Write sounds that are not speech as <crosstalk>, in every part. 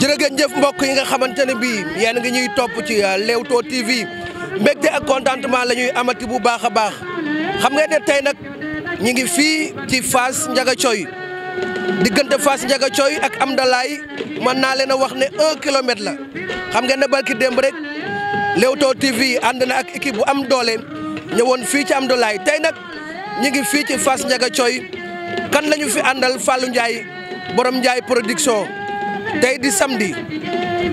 jërëjëf mbokk yi nga xamante ne bii yéen ngi ñuy topp ci euh, Leewtoo TV mbégte ak contentement la ñuy amati bu baax a baax xam nga ne tey nag ñu ngi fii ci Fass Ndiaga Thioy diggante fas Ndiaga Thioy ak Amdalaay mën naa leen a wax ne un la xam nga ne barki démb rek Leewtoo TV ànd na ak équipe bu am doole ñëwoon fii ci am Amdalaay tey nag ñu ngi fii ci fas Ndiaga Thioy kan la fi àndal Fallou Ndiaye borom njaay production. tey di samedi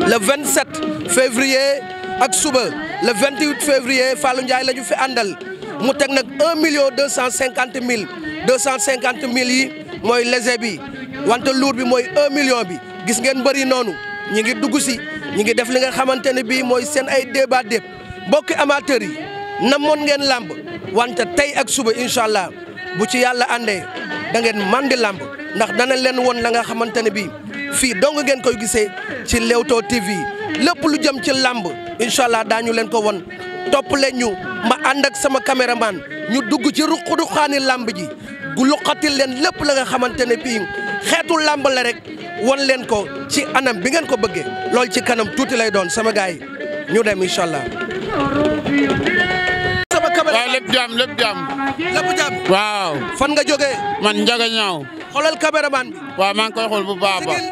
le 27 février ak suba le 28 février Fallou Ndiaye la ñu fi àndal mu teg nag 1 million 250 mille 250 mille yi mooy léger bi wante lourd bi mooy 1 million bi gis ngeen bëri noonu ñi ngi dugg si ñi ngi def li nga xamante ne bii mooy seen ay débat dépp mbokki amateurs yi moon ngeen làmp wante tey ak suba incha allah bu ci yàlla àndee da ngeen mandi làmb ndax danañ leen woon la nga xamante ne bii fii dong ngeen koy gisee ci Leewtoo TV lépp lu jëm ci làmb incha allah daañu leen ko won topp leen ñu ma ànd ak sama caméraman ñu dugg ci ruq-ruqaani làmb ji gu luqatil leen lépp la nga xamante ne bii xeetu làmb la rek won leen ko ci anam bi ngeen ko bëggee lool ci kanam tuuti lay doon sama gaay ñu dem incha allah. sama caméraman waaw lépp jàmm lépp waaw. fan nga jógee. man Ndiaga xoolal caméraman bi. waaw maa ngi koy xool bu baax a baax.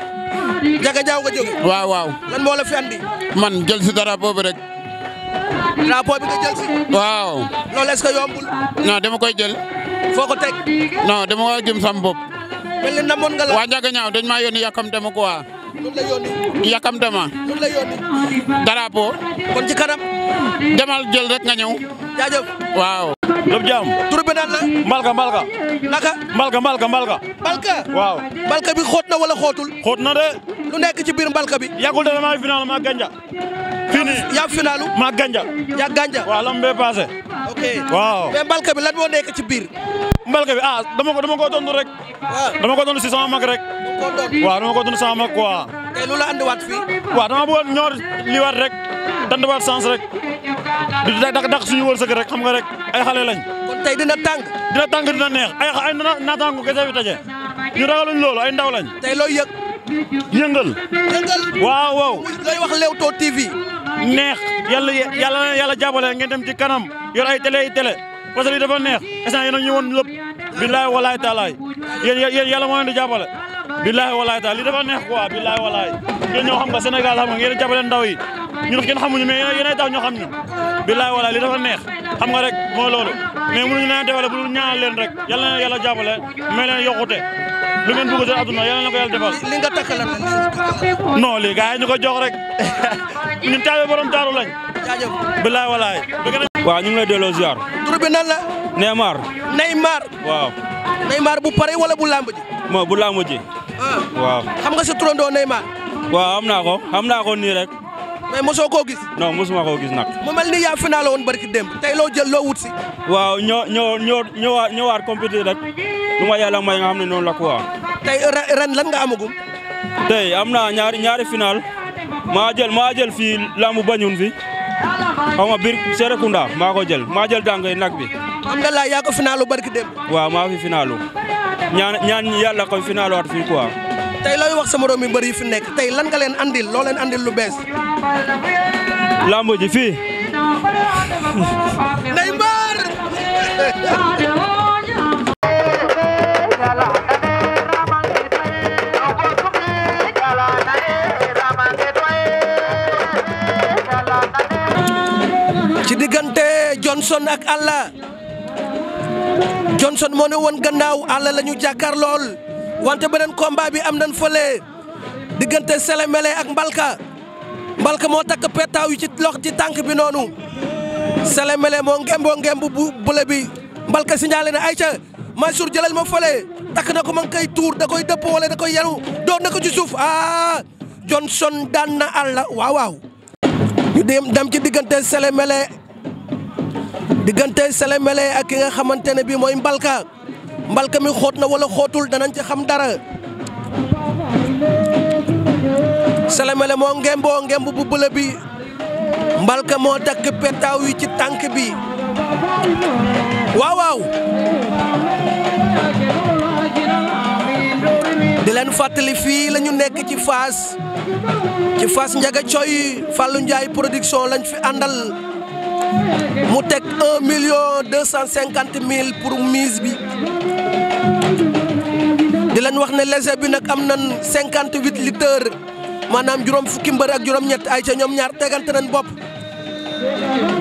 jaga jaaw nga jóge. waaw waaw. lan moo la man jël si drapeau bi rek. drapeau bi nga jël waaw. loolu est yombul. non dama koy jël. foo ko teg. non dama koy jëm sam bopp. mel nga la. waa Ndiaga Niaw dañ maa yónni yàkkam dama ko waa. yàkkamte ma drapeau kon ci kanam demal jël rek nga ñëw jaajëf waaw lépp jaam tur bi mbalka mbalka naka mbalka mbalka mbalka mbalka waaw mbalka bi xóot na wala xóotul xóot na de lu nekk ci biir mbalka bi yàggul dara maa final maa ganja fii nii yaa finalu maa ganja yaa ganja waaw lam bee passé waaw mais mbalka bi lan moo nekk ci biir mbalka bi ah dama ko rek dama ko ah. si sama mag rek koo doon. waaw dama ko doon sama quoi. tey lu la andiwaat fii. waaw dama bëggoon ñor liwaat rek dandiwaat sens rek di dak dak suñu wërsëg rek xam nga rek ay xale lañ. kon tey dina tàng. dina tàng dina neex ay ay naataango kese bi taje ñu ragaluñ loolu ay ndaw lañ. tey looy yëg. yëngal. yëngal waaw waaw. looy wax Leewtoo TV. neex yàlla yàlla na yàlla jàppale ngeen dem ci kanam yor ay télé ay télé parce que dafa neex instant yéen a ñu woon billaay walaay taalaay yéen yéen yàlla moo billahi walaay taal li dafa neex quoi billahi walaay ngeen ñoo xam nga senegal xam nga ngeen jàppale ndaw yi ñun kenn xamuñu mais yéen ay taw ñoo xam ñu billahi walaay li dafa neex xam nga rek mooy loolu mais mënuñu leen defale bu ñaanal rek yal na yàlla jàppale mais leen yokkute lu ngeen bëgg seen adduna yal na ko yàlla defal li nga takk lan non lii gars yi ñu ko jox rek <laughs> ñun taabe borom taaru lañ jaajëf ñu ngi lay delloo ziar tur bi nan la Neymar Neymar waaw Neymar bu pare wala bu lamb ji mo bu lamb waaw xam nga sa turandoo Neymar. waaw am naa ko am naa ko nii rek. mais mosoo koo gis. non mosuma koo gis nag. mu mel ni yaa final woon barki dem tey loo jël loo wut si. waaw ñoo ñoo ñoo ñëwaat ñëwaat compétir rek lu ma yàlla may nga xam ne noonu la quoi. tey ren lan nga amagum. tey am naa ñaari ñaari final maa jël maa jël fii lambu bañun fi xaw ma biir Serekunda maa ko jël maa jël dàngay nag bi. am nga laa yaa ko finalu barki démb. waaw maa fi finalu. ñaan ñaan yàlla ko final waat fii quoi. tey looy wax sama doom yu bëri yi fi nekk tey lan nga leen andil loo leen lu bees. lamb ji fii. ndey ci diggante Johnson ak Allah. Johnson moo ne woon gannaaw àll la ñu jàkkaar lool wante beneen combat bi am nañ fële diggante Selemele ak Mbalka Mbalka moo takk petaaw yi ci lox ci tànk bi noonu Selemele moo ngemboo ngemb bu bule bi Mbalka signalé na ayca Mansour jëlal ma fële takk na ko ma kay tuur da koy dëpp wala da koy yaru doon na ko ci suuf ah Johnson daan na àll waaw waaw ñu dem dem ci diggante Selemele diggante Sélémbélé ak ki nga xamante ne bii mooy Mbalka Mbalka mi xoot na walla xootul danañ ci xam dara. Sélémbélé moo ngemboo ngemb bu bële bi Mbalka moo takk petaaw yi ci tànk bi waaw waaw. di leen fàttali fii lañu nekk ci Fass ci Fass Ndiaga Thioye Fallou Ndiaye production lañ fi àndal. mu teg million deux cent cinquante mille pour bi di leen wax ne léger bi nag am nañ cinquante huit litres maanaam juróom fukki mbër ak juróom ñett ay ca ñoom ñaar teggante nañ bopp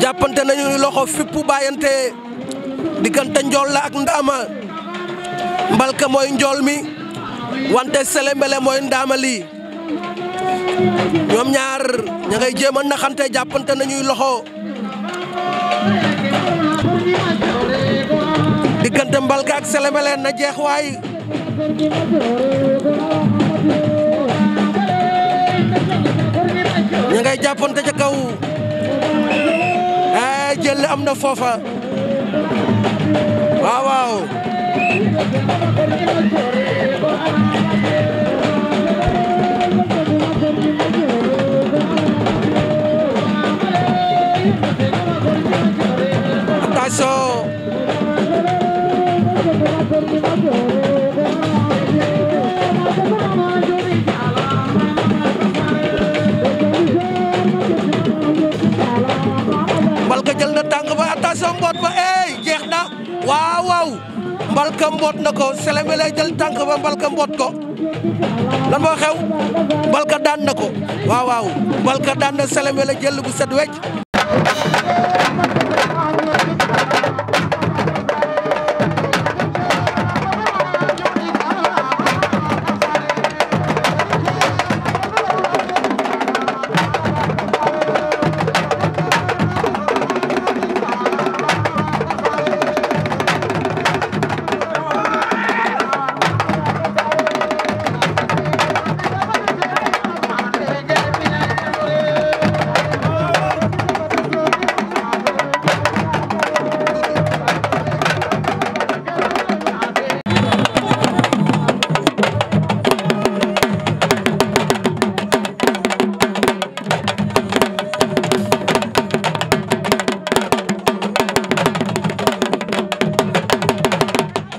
jàppante nañu loxo fippu bàyyante diggante njool la ak ndaama mbalka mooy njool mi wante selembele mooy ndaama lii ñoom ñaar ña ngay jéem a naxante jàppante nañuy loxo diggante Mbalka ak Selemeleen na jeex waay ña ngay jàppante ca kaw ay eh, jël am na foofa waaw waaw mbalka mboot na ko Sélébé jël tànk ba mbalka mboot ko lan moo xew mbalka daan na ko waaw waaw mbalka daan na Sélébé jël bu set wecc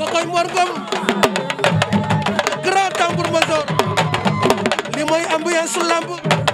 ma koy Mor Ngom grand tambour major li mooy ambiance lamb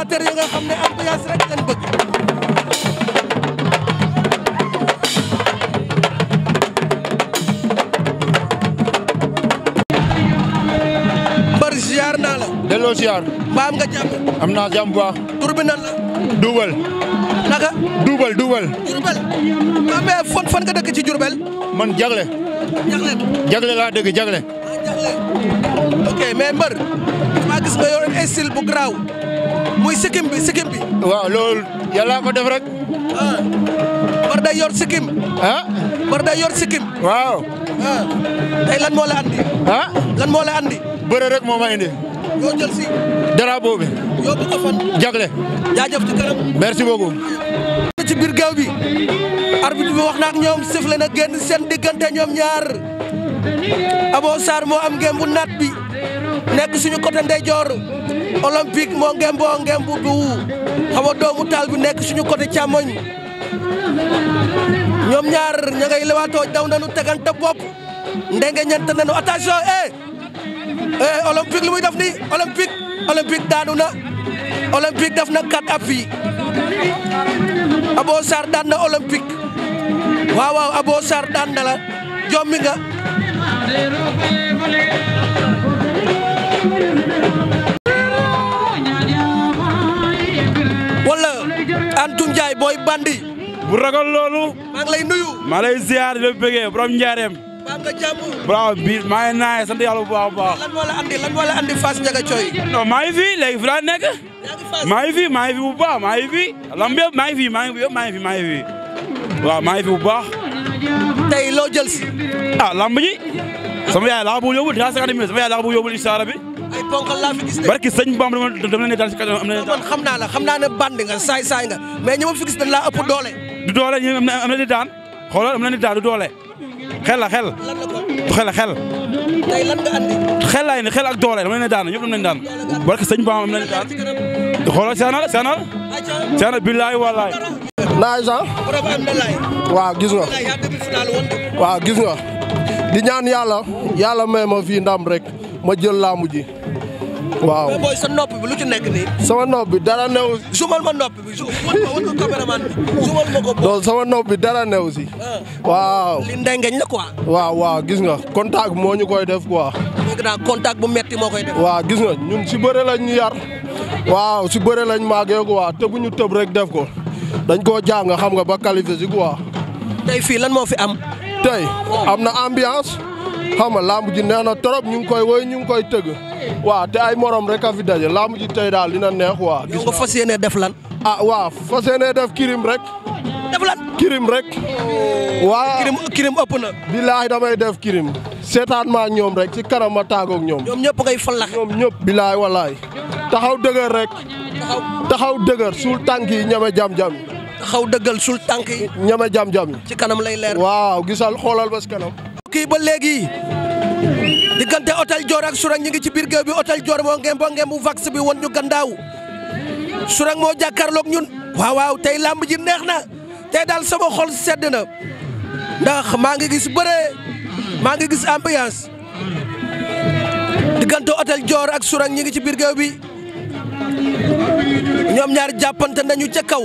amateur yi nga xam ne ambiance rek lañ bëgg. mbër ziar naa la. delloo ziar. mbaam nga jàmm. am naa jàmm bu baax. tur la. duubal. naka. duubal duubal. jurbel. ah mais fan fan dëkk ci jurbel. man jagle. jagle. laa dëgg jagle. ah jagle. ok mais mbër maa gis nga yor style bu garaaw. mooy sikkim bi sikkim bi. waaw loolu yàlla ko def rek. ah Bar day yor sikkim. ah day yor sikkim. waaw. Ah. ah lan moo la andi. bëre rek moo ma indi. yoo jël si. drapeau bi. yoo bëgg a fan. biir géew bi. arbitre bi wax ñoom sifle na génn seen diggante ñoom ñaar. Abo Sarr moo am ngeen bu naat bi. nekk suñu côté ndeyjoor. olympique moo ngemboo ngembu bu xaw a doomu taal bi nekk suñu côté càmmoñ ñoom ñaar ña ngay lewaatoo daw nañu tegante bopp ndenge ñent nañu attention eh eh olympique lu muy def nii olympique olympique daanu na olympique def na quatre appuis Abo Sarr na olympique waaw waaw Abo Sarr jommi nga bu ragal loolu. maa ngi lay nuyu. maa lay ziar njaareem. maa nga jàmm. bravo naay sant yàlla bu baax baax. lan la andi lan moo la andi Fass Ndiaga Thioy. non maa ngi fi léegi fi nekk. maa ngi fi maa ngi fi bu baax maa ngi fi. lamb yëpp maa ngi fi maa ngi fi maa ngi fi maa ngi fi waaw maa ngi fi bu baax. tey loo jël si. a ah, lamb ji. sama yaay laa bëgg yóbbul dinaa barki sëñ Bamba dama dama leen daal si kàddu am na. xam naa ne bandi nga saay saay nga mais ñi ma fi dañ laa ëpp doole. du doole ñu am na di daan xoolal am na di daan du doole xel la xel. xel xel. xel ne xel ak doole am na daan ñëpp am nañu daan barke sëñ Ba am na daan xoolal seenal seenal seenal billaay wallaay. naaj sax. waaw gis nga. waaw gis nga. di ñaan yàlla yàlla may ma fii ndam rek ma jël laamu ji. waaw sa nopp bi ci nekk nii. sama nopp bi dara new. sumal ma nopp bi wan sama nopp bi dara new si. Ah. waaw waaw waaw gis nga contact moo ñu koy def quoi. dégg naa bu metti moo koy def. waaw gis nga ñun si bëre lañ ñu yar. waaw si bëre lañ màggee quoi te bu ñu tëb rek def ko dañ koo jàng xam nga ba qualifié si quoi. tey fii lan moo fi am. tey am na ambiance xam nga làmb ji nee na trop ñu koy woy ñu ngi koy tëgg. waaw te ay morom rek a fi daje laamu ji tey daal dina neex waa gis nga fas yéenee def lan. ah waaw fas def kirim rek. def lan kirim rek. waa kirim ëpp na. billaahi damay def kirim. seetaan ma ñoom rek ci kanam ma taagoog ñoom. ñoom ñëpp ngay fallax. ñëpp billaahi wallaahi. taxaw dëgër rek. taxaw dëgër suul tànk yi ñeme jam-jam. taxaw dëggal suul tànk yi. ñeme jam-jam. ci kanam lay leer. waaw gisal xoolal ba si kanam. kii ba léegi. diggante Hôtel joor ak Sourang ñi ngi ci biir géew bi Hôtel Dior moo ngeen boo ngeen bu vax bi won ñu gandaaw Sourang moo jàkkaarloog ñun waaw waaw tey làmb ji neex na te daal sama xol sedd na ndax maa ngi gis bëre maa ngi gis ambiance diggante Hôtel Dior ak Sourang ñi ngi ci biir géew bi ñoom ñaar jàppante nañu ca kaw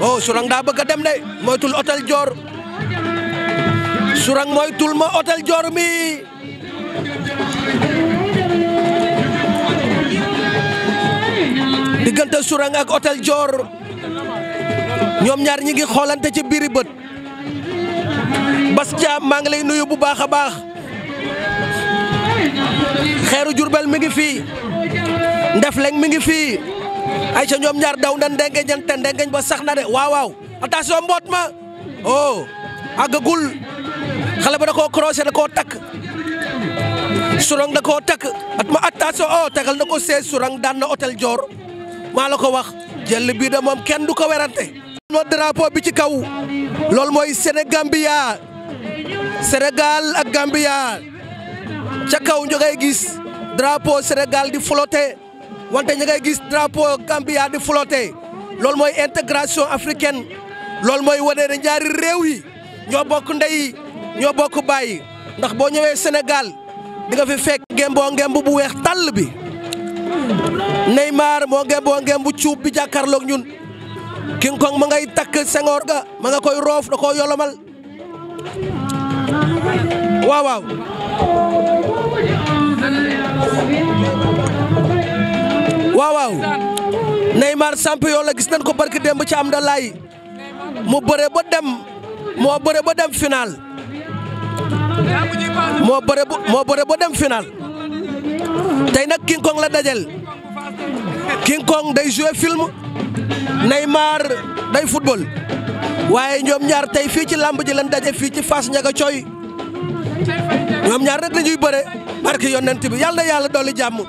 oh Sourang daa bëgg a dem de mooy tul Hôtel Dior Sourang ma Hôtel Dior mi diggante Sourang ak Hôtel Dior ñoom ñaar ñi ngi xoolante ci biiri bët Bass Thiam maa ngi lay nuyu bu baax a baax xeeru Jurbel mi ngi fii Ndefleng mi ngi fii Aïcha ñoom ñaar daw na ndengeñante ndengeñ ba sax na de waaw waaw attention mboot ma oh àggagul xale ba da koo croisé da koo takk surang da ko takk at ma attention o oh, tagal na ko sees surang daan na hôtel Dior maa la ko wax jël bii de moom kenn du ko werante no drapeau bi ci kaw loolu mooy Sénégambia ak Gambia ca kaw ñu ngay gis drapeau Sénégal di flotté wante ñu ngay gis drapeau Gambia di flotté loolu mooy intégration africaine loolu mooy wane ne réew yi ñoo bokk ndey ñoo bokk baay ndax boo ñëwee Sénégal di nga fi fekk ngemboo ngemb bu weex tàll bi Neymar moo ngemboo ngemb cuub bi jàkkaarloog ñun King Kong ma ngay takk sengoor ga ma nga koy roof da koo yolomal waaw waaw waaw waaw la gis nañ ko barki démb ci am da laay mu bëre ba dem moo bëre ba dem final moo bëre moo bëre ba dem final tey nag King Kong la dajel King day jouer film Neymar day football waaye ñoom ñaar tey fii ci làmb ji lan daje fii ci Fass Ndiaga Coy ñoom ñaar rek lañuy bëre barki yonent bi yàlla na yàlla dolli jàmm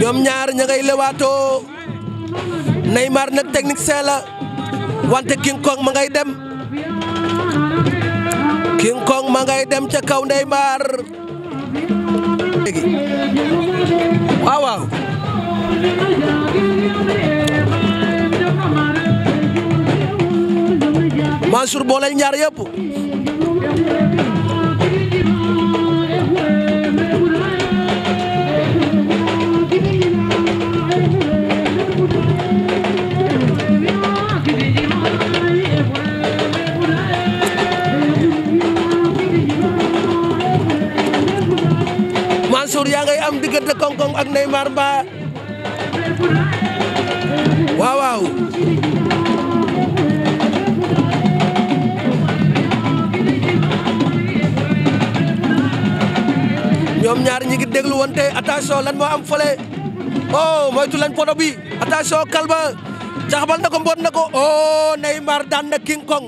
ñoom ñaar ña ngay lewaatoo Neymar nag technique see la wante King Kong ma ngay dem King Kong ma ngay dem ca kaw ndey mbaar waaw waaw Mansour ñaar yëpp Mansour yaa ngay am diggante koŋ-koŋ ak Neymar Mba waaw waaw ñoom ñaar ñi ngi déglu wante attention lan moo am fële oh moytu leen poto bi kalba jaxabal na ko mboot na ko oh daan na King Kong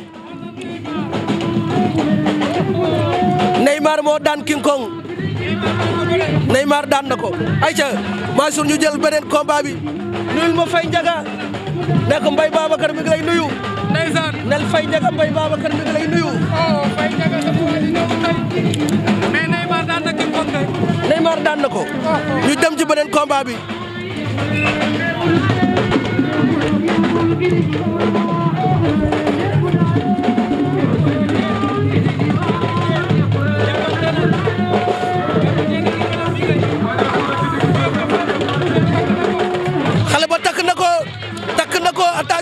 Neymar moo daan King Kong Neymar daan na ko ayca Mansour ñu jël beneen combat nuyul ma Faye Ndiaga ne ko Mbaye Babacar mi ngi lay nuyu. ndeysaan nel Faye Ndiaga Mbaye Babacar mi ngi lay nuyu. oh Faye Ndiaga dafa war daan na King Kong tey. daan na ko. ñu dem ci beneen combat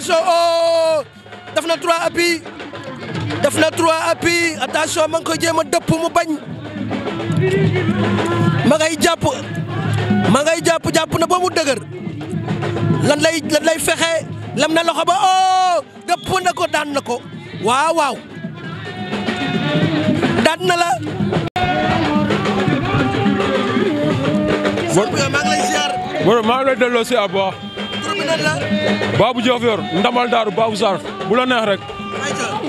attention oh! na trois appuis def na trois appuis attention ma nga koy jéem a dëpp mu bañ ma ngay jàpp jàpp na ba mu dëgër lan lay fexe lam na loxo ba oh dëpp na ko daan na ko waaw waaw daan na la. bon maa ngi lay delloo si à nan la. Babou Diouf yor ndamal daaru Babou Sarr bu la neex rek.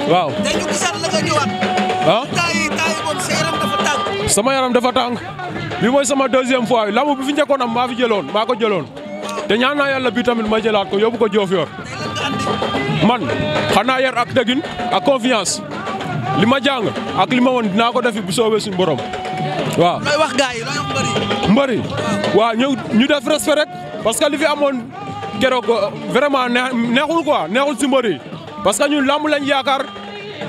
waaw. tey yaram dafa sama yaram dafa bi mooy sama deuxième fois yi lamb bi fi njëkkoon am maa fi jëloon maa ko jëloon te ñaan naa yàlla bi tamit ma jëlaat ko yóbbu ko Diouf man xanaa yar ak dëggin ak confiance li ma jàng ak li ma woon dinaa ko defi bu soobee suñu borom waaw. mbëri. mbëri ñu ñu def respect rek parce que amoon. keroog euh, vraiment neexul quoi neexul si mbër yi parce que lañ yaakaar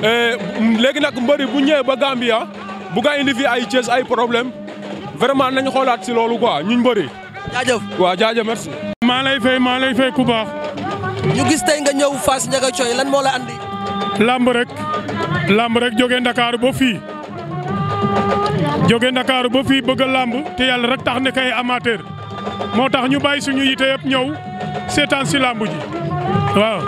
euh, léegi nag mbër yi bu ñëwee ba Gambia bu nga indi fi ay Thiès ay problème vraiment nañ xoolaat si loolu quoi ñun mbër yi. jaajëf waaw jaajëf merci. maa lay fay maa lay gis tey nga ñëw Fass Ndiaga Thioye lan moo la andi. lamb rek lamb rek jógee Ndakaaru ba fii jóge Ndakaaru ba fii bëgg làmb lamb te yàlla rek tax ne kay amateur moo tax ñu bàyyi suñu yite yëpp ñëw seetaan si làmb ji waaw.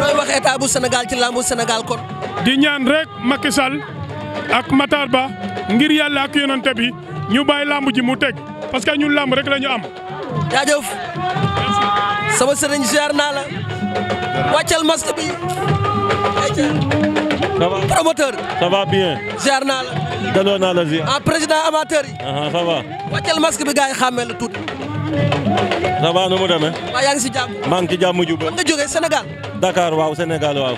looy wax état bu Sénégal ci làmbu Sénégal kon. di ñaan rek Macky Sall ak Matar Ba ngir yàlla ak yonante bi ñu bàyyi làmb mu teg parce que ñun làmb rek la ñu am. jaajëf sama sëriñ ziar naa la wàccal masque bi. ça va promoteur. naa la. delloo naa la ziar. ah président amateur yi. Ah, ça va. wàccal bi gars yi la tuuti. ça va nu mu demee. waaw yaa ngi si jàmm. maa ngi ci jàmm ju bëri. nga jógee Sénégal. Dakar waaw Sénégal waaw.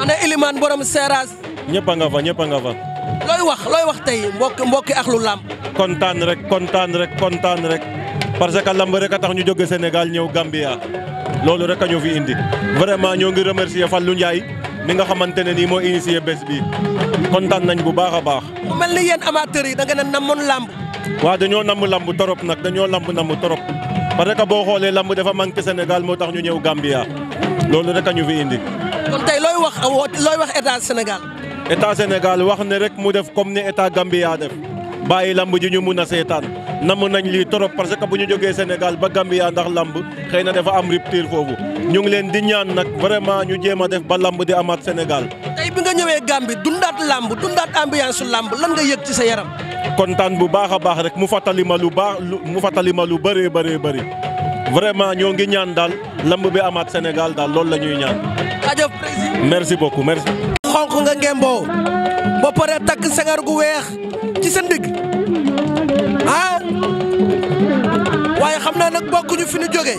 ana Elimane borom Seras. ñëpp nga fa ñëpp a nga fa. looy wax looy wax tey mbokk mbokki ak lu làmb. kontaan rek kontaan rek kontaan rek parce que lamb rek a tax ñu jóge Sénégal ñëw Gambia loolu rek a ñu fi indi vraiment ñoo ngi remercier Fallou Ndiaye. mi nga xamante ne nii moo initié bés bi kontaan nañ bu baax a baax. bu mel ni yéen amateurs yi da nga ne namoon lamb. waa dañoo namm lamb trop nag dañoo lamb namm torop parce que boo xoolee lamb dafa manqué Sénégal moo tax ñu ñëw Gambia loolu rek a ñu fi indi. kon tey looy wax looy wax état Sénégal. état Sénégal wax ne rek mu def comme ni état Gambia def bàyyi lamb ji ñu mun a seetaan. namm nañ lii trop parce que bu ñu jógee Sénégal ba Gambia ndax lamb xëy na dafa am rupture foofu ñu ngi leen di ñaan nag vraiment ñu jéem a def ba lamb di amaat Sénégal. tey bi nga ñëwee Gambie dundaat lamb dundaat ambiance lamb lan nga yëg ci sa yaram. kontaan bu baax a baax rek mu fàttali ma lu baax mu fàttali ma lu bëree bëree bëri vraiment ñoo ngi ñaan daal lamb bi amaat Sénégal daal loolu la ñuy ñaan. jaajëf merci beaucoup merci. xonq nga ngemboo ba pare takk sangar gu weex ci sa ndigg ah waaye xam naa nag bokkuñu fi ñu jógee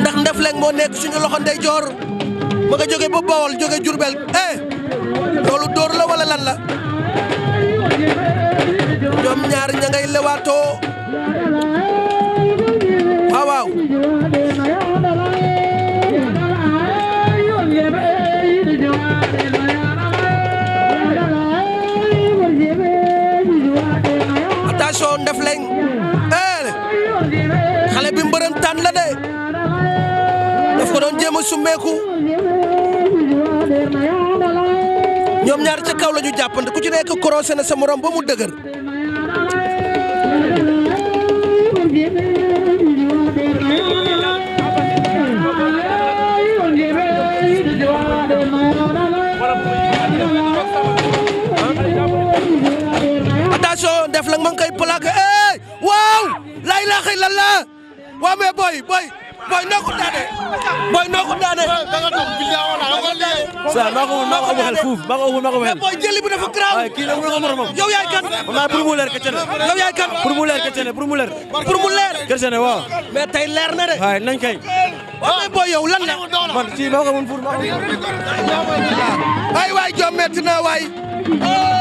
ndax Ndefleng moo nekk suñu loxo ndeyjoor ma nga jóge ba Bawol jóge Jurbel eh loolu dóor la wala lan la ñoom ñaar ña lewaatoo waaw génération Ndefleng eh xale bi mbërëntaan la de daf ko doon jéem a summeeku ñoom ñaar ca kaw la ñu jàppante ku ci nekk croisé na sa morom ba mu dëgër. waaw lay la xëy lan la waaw mais booy booy booy noo ko daane booy noo ko daane sa maa ko maa ko xel fuuf maa ko maa ko xel mais yaay kan ma pour mu leer keccene yow yaay kan pour mu leer keccene mu leer pour mu leer keccene waaw mais tey leer na de waay nañ kay waaw mais booy yow lan la man ci maa ko mën pour maa ko ay waay jom metti na